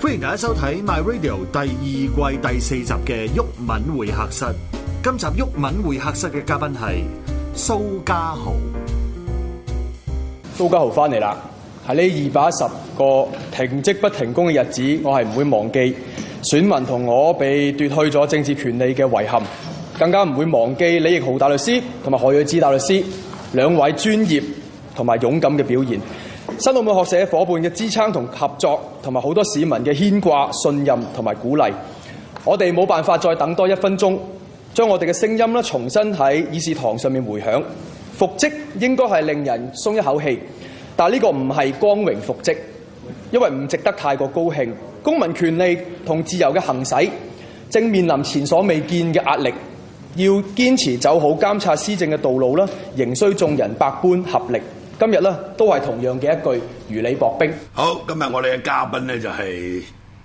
歡迎大家收睇 My Radio 第二季第四集嘅毓民會客室。今集毓民會客室嘅嘉賓係蘇嘉豪。蘇嘉豪翻嚟啦，喺呢二百一十個停職不停工嘅日子，我係唔會忘記選民同我被奪去咗政治權利嘅遺憾，更加唔會忘記李亦豪大律師同埋何睿智大律師兩位專業同埋勇敢嘅表現。新澳門學社伙伴嘅支撐同合作，同埋好多市民嘅牽掛、信任同埋鼓勵，我哋冇辦法再等多一分鐘，將我哋嘅聲音咧重新喺議事堂上面回響。復職應該係令人鬆一口氣，但呢個唔係光榮復職，因為唔值得太過高興。公民權利同自由嘅行使正面臨前所未見嘅壓力，要堅持走好監察施政嘅道路啦，仍需眾人百般合力。今日咧都係同樣嘅一句如履薄冰。好，今日我哋嘅嘉賓咧就係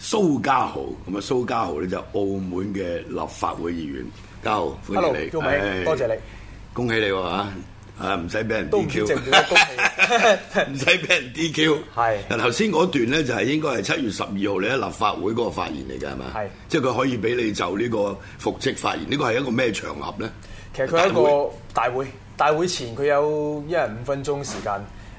蘇嘉豪，咁啊蘇嘉豪咧就澳門嘅立法會議員。嘉豪，歡迎你！Hello，你哎、多謝你，恭喜你嚇、啊，嗯、啊唔使俾人 DQ，唔使俾人 DQ。係 是，頭先嗰段咧就係應該係七月十二號你喺立法會嗰個發言嚟㗎係嘛？係，是即係佢可以俾你就呢個復職發言，呢個係一個咩場合咧？其實佢一個大會。大會大會前佢有一人五分鐘時間，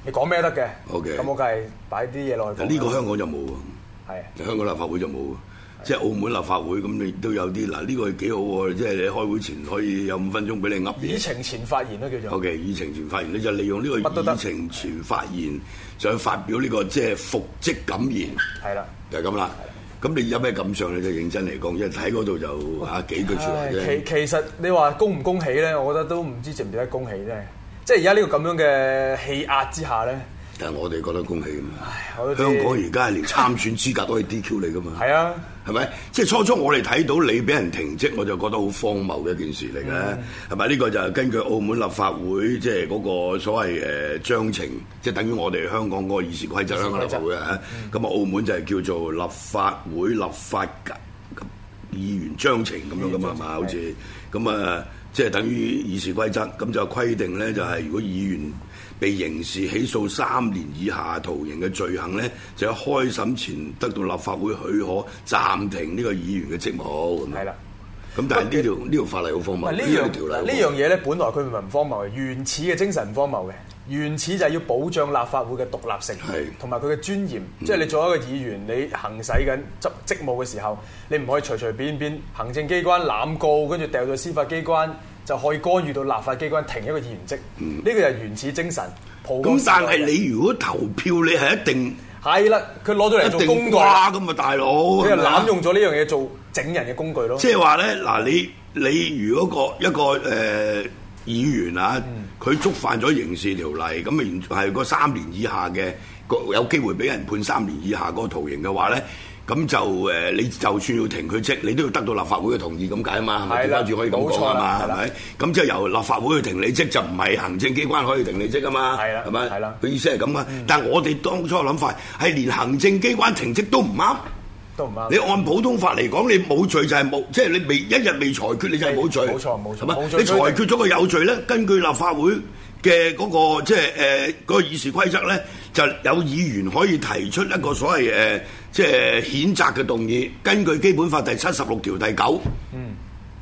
你講咩得嘅？OK，咁我梗係擺啲嘢落去。呢個香港就冇喎，的香港立法會就冇，的即係澳門立法會咁，你都有啲嗱，呢個幾好喎，即係你開會前可以有五分鐘俾你噏嘢。議程前發言啦，叫做好嘅議程前發言，你就利用呢個議程前，前發言，想去發表呢、這個即係復職感言，係啦的，就係咁啦。咁你有咩感想咧？你就認真嚟講，一睇嗰度就嚇幾句出來啫。其其實你話恭唔恭喜咧，我覺得都唔知值唔值得恭喜啫。即係而家呢個咁樣嘅氣壓之下咧，但係我哋覺得恭喜嘛。香港而家係連參選資格都可以 DQ 你噶嘛？係啊。係咪？即係初初我哋睇到你俾人停職，我就覺得好荒謬嘅一件事嚟嘅，係咪、嗯？呢、呢個就係根據澳門立法會即係嗰個所謂誒、呃、章程，即係等於我哋香港嗰個議事規則，香港立法會嚇。咁啊，嗯、澳門就係叫做立法會立法議員章程咁樣噶嘛，係咪？好似咁啊。的即係等於議事規則，咁就規定咧，就係、是、如果議員被刑事起訴三年以下徒刑嘅罪行咧，就喺開審前得到立法會許可，暫停呢個議員嘅職務。係啦，咁的但係呢條呢條法例好荒謬，呢條、這個、條例呢樣嘢咧，這個這個、本來佢唔係唔荒謬嘅，原始嘅精神唔荒謬嘅。原始就係要保障立法會嘅獨立性，同埋佢嘅尊嚴。嗯、即係你做一個議員，你行使緊執職務嘅時候，你唔可以隨隨便便，便行政機關濫告，跟住掉咗司法機關就可以干預到立法機關停一個議員職。呢、嗯、個就係原始精神。咁但係你如果投票，你係一定係啦。佢攞咗嚟做工具咁啊，大佬，佢係濫用咗呢樣嘢做整人嘅工具咯。即係話咧，嗱，你你，你如果個一個誒、呃、議員啊、呃？嗯佢觸犯咗刑事條例，咁咪係個三年以下嘅，個有機會俾人判三年以下個徒刑嘅話咧，咁就誒，你就算要停佢職，你都要得到立法會嘅同意咁解啊嘛，係啦，住可以咁講啊嘛，係咪錯？咁即係由立法會去停你職，就唔係行政機關可以停你職啊嘛，係啦，係咪？係啦，佢的意思係咁啊，的但係我哋當初嘅諗法係連行政機關停職都唔啱。都唔啱。你按普通法嚟講，你冇罪就係冇，即係你未一日未裁決你就係冇罪。冇錯冇錯。係咪？你裁決咗個有罪咧？根據立法會嘅嗰個即係誒個議事規則咧，就有議員可以提出一個所謂誒即係譴責嘅動議。根據基本法第七十六條第九嗯，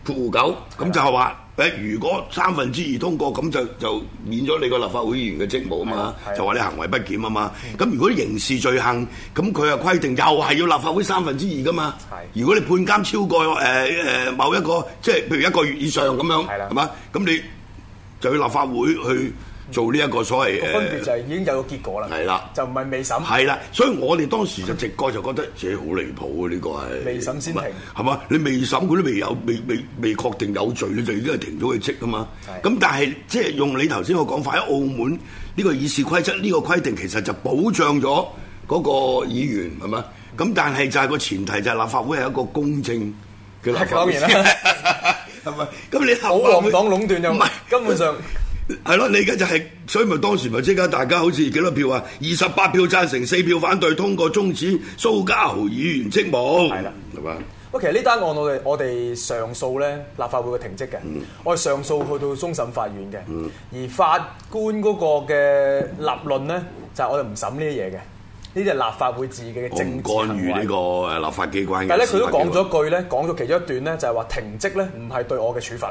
條九咁就係話。誒，如果三分之二通過，咁就就免咗你個立法會議員嘅職務啊嘛，就話你行為不檢啊嘛。咁係如果刑事罪行，咁佢又規定又係要立法會三分之二噶嘛。係如果你判監超過誒誒、呃呃、某一個，即係譬如一個月以上咁樣，係啦，係嘛？咁你就要立法會去。做呢一個所謂個分別就係已經有個結果啦，係啦的，就唔係未審係啦，所以我哋當時就直覺就覺得自己好離譜啊！呢個係未審先停，係嘛？你未審佢都未有，未未未確定有罪，你就已經係停咗佢職啊嘛！咁的但係即係用你頭先嘅講法喺澳門呢個議事規則，呢、呢個規定其實就保障咗嗰個議員係嘛？咁、嗯、但係就係、是、個前提就係立法會係一個公正嘅立法會係咪？咁你口保皇黨壟斷就是根本上。 係咯，你而家就係、是，所以咪當時咪即刻大家好似幾多票啊？二十八票贊成，四票反對，通過終止蘇嘉豪議員職務。係啦了，好啊吧。不過其實呢單案我哋我哋上訴咧，立法會嘅停職嘅，嗯、我哋上訴去到終審法院嘅。嗯、而法官嗰個嘅立論咧，就係、是、我哋唔審呢啲嘢嘅，呢啲係立法會自己嘅政治行為。我唔干預呢個誒立法機關嘅。但係咧，佢都講咗一句咧，講咗其中一段咧，就係話停職咧唔係對我嘅處罰。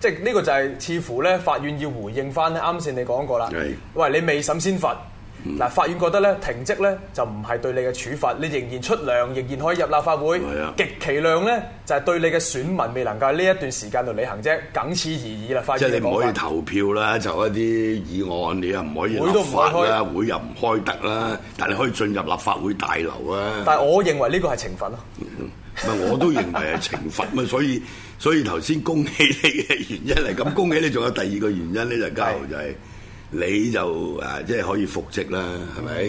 即係呢、這個就係似乎咧，法院要回應翻咧。啱先你講過啦，的喂，你未審先罰，嗱、嗯，法院覺得咧停職咧，就唔係對你嘅處罰，你仍然出糧，仍然可以入立法會，極的其量咧就係對你嘅選民未能夠呢一段時間度履行啫，僅此而已啦。法院的你唔可以投票啦，的就一啲議案你又唔可以立法啦，會都唔開啦，會又唔開得啦，但係你可以進入立法會大樓啊。但係我認為呢個係懲罰咯。嗯唔係 我都認為係懲罰嘛，所以所以頭先恭喜你嘅原因嚟。咁，恭喜你仲有第二個原因咧，就係嘉豪就係你就誒即係可以復職啦，係咪？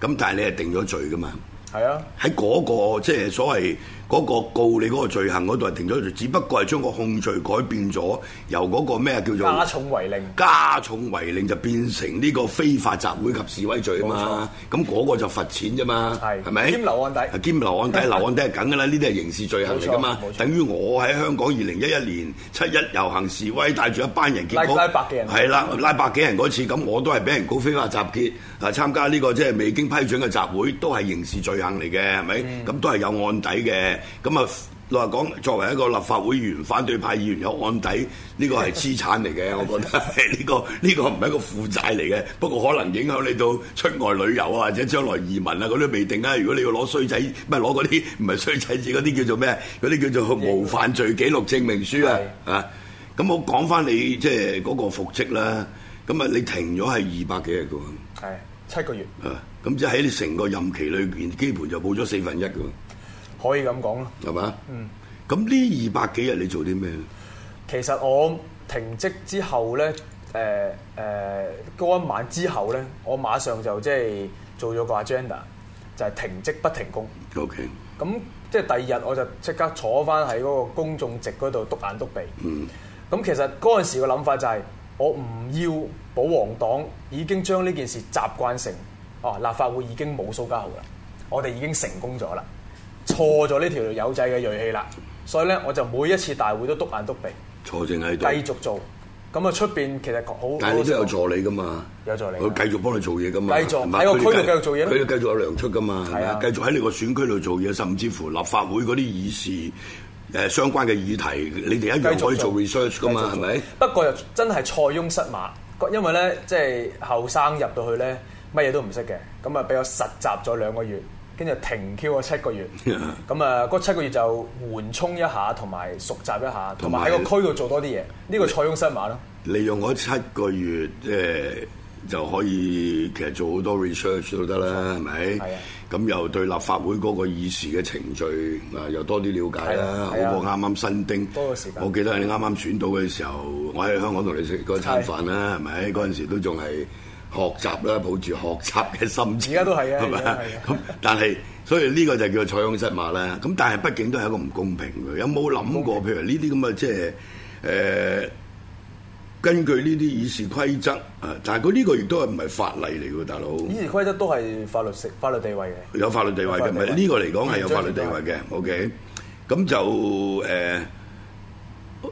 咁但係你係定咗罪噶嘛？係啊是的、那個，喺嗰個即係所謂。嗰個告你嗰個罪行嗰度係停咗住，只不過係將個控罪改變咗，由嗰個咩叫做加重違令，加重違令就變成呢個非法集會及示威罪啊嘛。咁嗰個就罰錢啫嘛，係咪？兼留案底，係兼留案底，留案底係梗㗎啦。呢啲係刑事罪行嚟噶嘛，等於我喺香港二零一一年七一遊行示威，帶住一班人，結果拉百幾人，係啦，拉百幾人嗰次，咁我都係俾人告非法集結，啊，參加呢個即係未經批准嘅集會，都係刑事罪行嚟嘅，係咪？咁都係有案底嘅。咁啊，落嚟講，作為一個立法會議員、反對派議員有案底，呢個係資產嚟嘅，我覺得呢、這個呢、這個唔係一個負債嚟嘅。不過可能影響你到出外旅遊啊，或者將來移民啊，嗰啲未定啊。如果你要攞衰仔，唔係攞嗰啲唔係衰仔，而嗰啲叫做咩？嗰啲叫做無犯罪記錄證明書 是的 啊。啊，咁我講翻你即係嗰個復職啦。咁啊，你停咗係二百幾日噶，係七個月。啊，咁即係喺你成個任期裏邊，基本就報咗四分一噶。可以咁講咯，係嘛吧？嗯，咁呢二百幾日你做啲咩？其實我停職之後呢，誒誒嗰一晚之後呢，我馬上就即係做咗個 agenda，就係停職不停工。OK。咁即係第二日我就即刻坐翻喺嗰個公眾席嗰度篤眼篤鼻。嗯，咁其實嗰陣時個諗法就係、是、我唔要保皇黨已經將呢件事習慣成：哦、啊，立法會已經冇蘇嘉豪啦，我哋已經成功咗啦。破咗呢條友仔嘅銳氣啦，所以咧我就每一次大會都篤眼篤鼻，坐正喺度，繼續做。咁啊出邊其實好，但係你都有助理噶嘛，有助理，佢繼續幫你做嘢噶嘛，繼續喺個選區度做嘢，佢繼續，續有糧出噶嘛，係咪啊？繼續喺你個選區度做嘢，甚至乎立法會嗰啲議事誒、呃、相關嘅議題，你哋一樣可以做 research 噶嘛，係咪？是不，是不過又真係塞翁失馬，因為咧、就是、即係後生入到去咧，乜嘢都唔識嘅，咁啊俾我實習咗兩個月。跟住停 Q 啊七個月，咁啊嗰七個月就緩衝一下，同埋熟習一下，同埋喺個區度做多啲嘢。呢個塞翁失馬咯，利用嗰七個月，即係就可以其實做好多 research 都得啦，係咪？咁又對立法會嗰個議事嘅程序啊，又多啲了解啦，好過啱啱新丁。多個時間，我記得你啱啱選到嘅時候，我喺香港同你食嗰餐飯啦，係咪？嗰陣時都仲係。學習啦，抱住學習嘅心情，而家都係啊，係咪吧？咁、啊、 但係，所以呢個就叫塞翁失馬啦。咁但係，畢竟都係一個唔公平嘅。有冇諗過？譬如呢啲咁嘅，即係誒，根據呢啲議事規則啊，但係佢呢個亦都係唔係法例嚟嘅，大佬？議事規則都係法律法律地位嘅，有法律地位嘅，唔係呢個嚟講係有法律地位嘅。OK，咁就誒。呃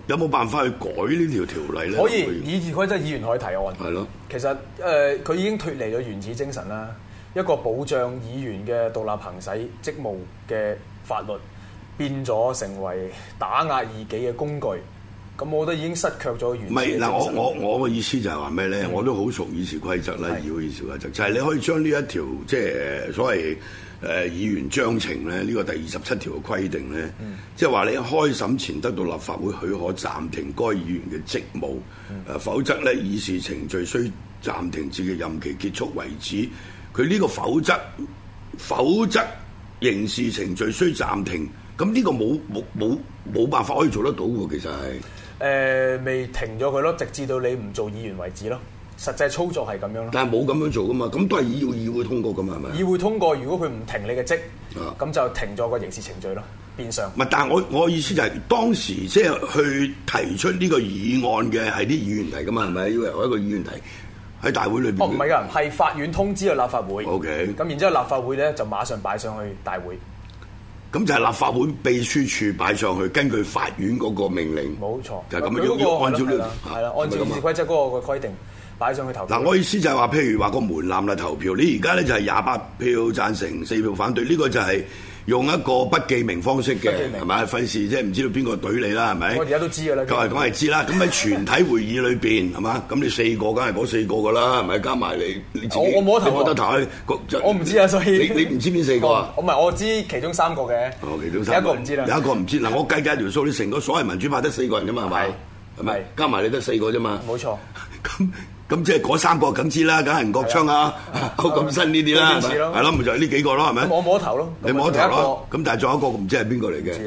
有冇辦法去改呢條條例咧？可以，以議員即係議員可以提案。係咯 其實誒，佢、呃、已經脱離咗原始精神啦。一個保障議員嘅獨立行使職務嘅法律，變咗成為打壓異己嘅工具。咁我都已經失卻咗原。唔係嗱，我我我嘅意思就係話咩咧？嗯、我都好熟議事規則啦，繞議是事規則就係、是、你可以將呢一條即係、就是、所謂誒、呃、議員章程咧，呢、這個第二十七條嘅規定咧，即係話你喺開審前得到立法會許可暫停該議員嘅職務，誒、嗯、否則咧議事程序需暫停至佢任期結束為止。佢呢個否則否則刑事程序需暫停，咁呢個冇冇冇冇辦法可以做得到喎？其實係。誒，未、呃、停咗佢咯，直至到你唔做議員為止咯。實際操作係咁樣咯。但係冇咁樣做噶嘛，咁都係議會議會通過噶嘛，係咪？議會通過，如果佢唔停你嘅職，咁、啊、就停咗個刑事程序咯，變相。唔係，但係我我意思就係、是、當時即係去提出呢個議案嘅係啲議員嚟噶嘛，係咪？因為我一個議員嚟，喺大會裏邊。哦，唔係噶，係法院通知立法會。O K。咁然之後立法會咧就馬上擺上去大會。咁就係立法會秘書處擺上去，根據法院嗰個命令，冇錯，就係咁樣樣，要按照呢、這個，係啦，按照議事規則嗰個個規定擺上去投票。嗱，我意思就係話，譬如話個門檻啦，投票，你而家咧就係廿八票贊成，四票反對，呢、這個就係、是。用一個不記名方式嘅，係咪？費事即係唔知道邊個懟你啦，係咪？我而家都知㗎啦。梗係梗係知啦。咁喺全體會議裏邊，係嘛？咁你四個，梗係嗰四個㗎啦，係咪？加埋你，你自己，我我冇得睇，我唔知啊。所以你你唔知邊四個啊？我唔係，我知其中三個嘅。其中三個一個唔知啦。有一個唔知嗱，我計計條數，你成個所謂民主派得四個人啫嘛？係咪？係咪？加埋你得四個啫嘛？冇錯。咁咁即係嗰三個咁知啦，梗係吳國昌啊，區錦新呢啲啦，係咯，咪就係呢幾個咯，係咪？摸摸頭咯，你摸頭咯。咁但係仲有一個唔知係邊個嚟嘅。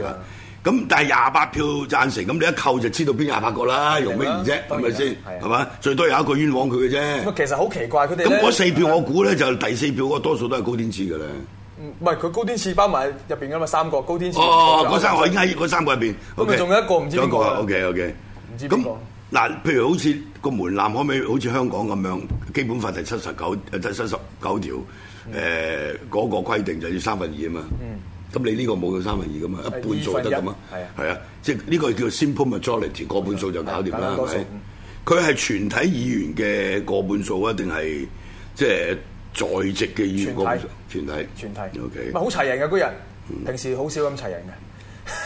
咁但係廿八票贊成，咁你一扣就知道邊廿八個啦，用咩唔啫？係咪先？係嘛？最多有一個冤枉佢嘅啫。其實好奇怪，佢哋咁嗰四票，我估咧就第四票嗰個多數都係高天賜嘅咧。唔係佢高天賜包埋入邊噶嘛？三個高天賜。哦，嗰三個已經喺嗰三個入邊。咁咪仲有一個唔知？一個。O K O K。唔知邊嗱，譬如好似個門檻可唔可以好似香港咁樣？基本法第七十九第七十九條誒嗰個規定就要三分二啊嘛。咁你呢個冇到三分二噶嘛，一半數就得噶嘛？係啊，係啊，即係呢個叫 simple majority，個半數就搞掂啦，係咪？佢係全體議員嘅個半數啊，定係即係在席嘅議員個半數？全體，全體 OK。好齊人嘅嗰日，平時好少咁齊人嘅。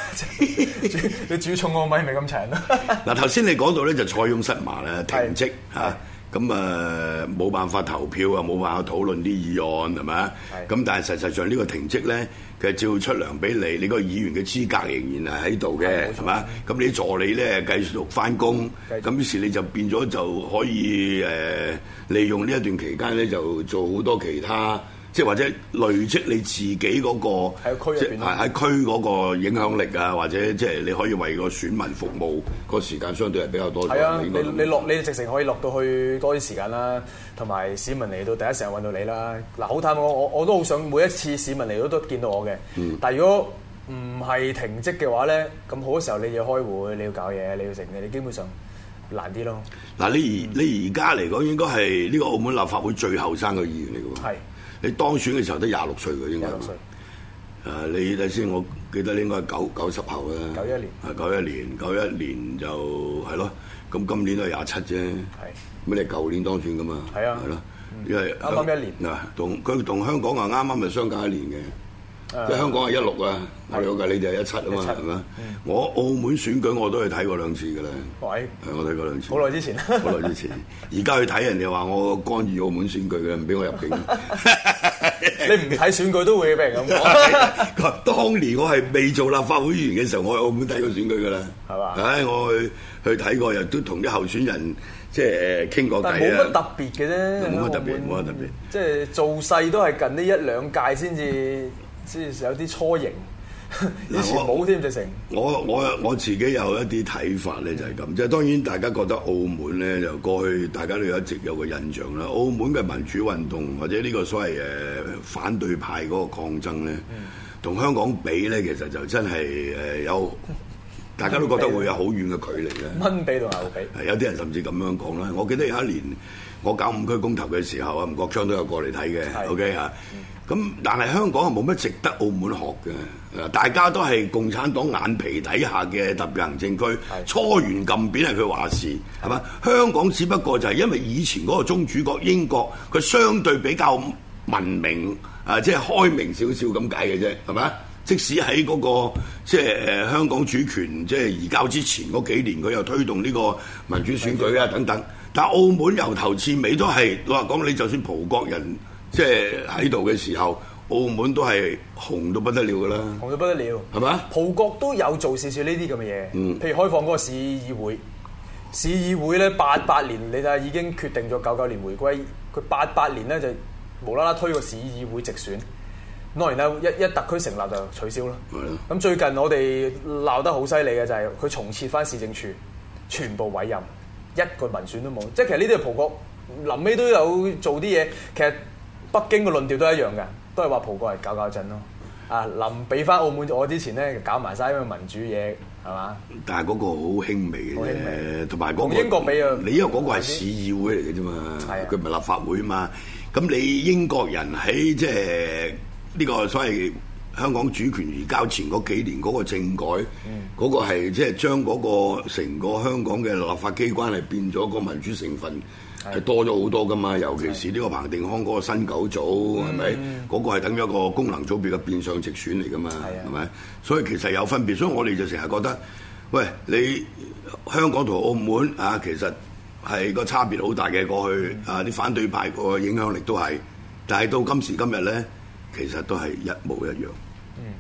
你煮重個米咪咁長咯？嗱，頭 先你講到咧就蔡用失麻咧停職吓，咁啊冇辦法投票啊，冇辦法討論啲議案係嘛？咁是但係實際上呢個停職咧，佢係照出糧俾你，你個議員嘅資格仍然係喺度嘅，係嘛？咁你助理咧繼是續翻工，咁於續是你就變咗就可以誒、呃、利用呢一段期間咧就做好多其他。即係或者累積你自己嗰、嗰個，喺區嗰個影響力啊，或者即係你可以為個選民服務個時間相對係比較多啲。係啊的，你你落你直程可以落到去多啲時間啦，同埋市民嚟到第一時間揾到你啦。嗱，好坦白講，我我都好想每一次市民嚟到都見到我嘅。嗯、但係如果唔係停職嘅話咧，咁好多時候你要開會，你要搞嘢，你要成嘅，你基本上難啲咯。嗱、嗯，你而你而家嚟講，應該係呢個澳門立法會最後生嘅議員嚟嘅喎。你當選嘅時候都廿六歲，佢應該廿六歲。誒，你睇先，我記得應該九九十後啦。九一年，係九一年，九一年就係咯。咁今年都係廿七啫。係。咩？你舊年當選噶嘛？係啊。係咯。因為啱啱一年。嗱，同佢同香港啊，啱啱係相隔一年嘅。即係香港係一六啊，我哋講緊你哋係一七啊嘛，係咪？我澳門選舉我都去睇過兩次嘅啦。喂，係我睇過兩次。好耐之前啦。好耐之前，而家去睇人哋話我干預澳門選舉嘅，唔俾我入境。你唔睇選舉都會俾人咁講。當年我係未做立法會議員嘅時候，我去澳門睇過選舉㗎啦，係嘛？唉，我去去睇過，又都同啲候選人即係誒傾過偈，冇乜特別嘅啫。冇乜特別，冇乜特別。即係做勢都係近呢一兩屆先至。之前有啲初型， 以前冇添就成。我我我自己有一啲睇法咧，就係咁。即係當然，大家覺得澳門咧，就過去大家都有一直有個印象啦。澳門嘅民主運動或者呢個所謂誒反對派嗰個抗爭咧，同、嗯、香港比咧，其實就真係誒有。大家都覺得會有好遠嘅距離咧，蚊比到牛比，有啲人甚至咁樣講啦。我記得有一年我搞五區公投嘅時候啊，吳國昌都有過嚟睇嘅。OK 啊，咁但係香港係冇乜值得澳門學嘅，大家都係共產黨眼皮底下嘅特別行政區，是的 初原禁扁係佢話事，係嘛？是的 香港只不過就係因為以前嗰個宗主國英國，佢相對比較文明啊，即係開明少少咁解嘅啫，係嘛？即使喺嗰個即係香港主權即係移交之前嗰幾年，佢又推動呢個民主選舉啊等等。但澳門由頭至尾都係，我話講你就算葡國人即係喺度嘅時候，澳門都係紅到不得了㗎啦，紅到不得了係嘛。葡國都有做少少呢啲咁嘅嘢，譬如開放嗰個市議會，市議會咧，八八年，你就已經決定咗九九年回歸，佢八八年咧就無啦啦推個市議會直選。當然一一特區成立就取消啦。咁是的 最近我哋鬧得好犀利嘅就係佢重設翻市政處，全部委任，一個民選都冇。即係其實呢啲啊葡國臨尾都有做啲嘢。其實北京嘅論調都一樣嘅，都係話葡國係搞，搞搞震咯。啊，臨俾翻澳門我之前咧搞埋晒因為民主嘢，係嘛？但係嗰個好輕微嘅，嗰個、同埋講英國俾啊，你因為嗰個係市議會嚟嘅啫嘛，佢唔係立法會啊嘛。咁你英國人喺即係。呢個所謂香港主權移交前嗰幾年嗰個政改，嗰、嗯、個係即係將嗰個成個香港嘅立法機關係變咗個民主成分係多咗好多㗎嘛，的尤其是呢個彭定康嗰個新九組係咪？嗰個係等於一個功能組別嘅變相直選嚟㗎嘛，係咪的？所以其實有分別，所以我哋就成日覺得，喂，你香港同澳門啊，其實係個差別好大嘅，過去啊，啲反對派個影響力都係，但係到今時今日咧。其實都係一模一樣。嗯。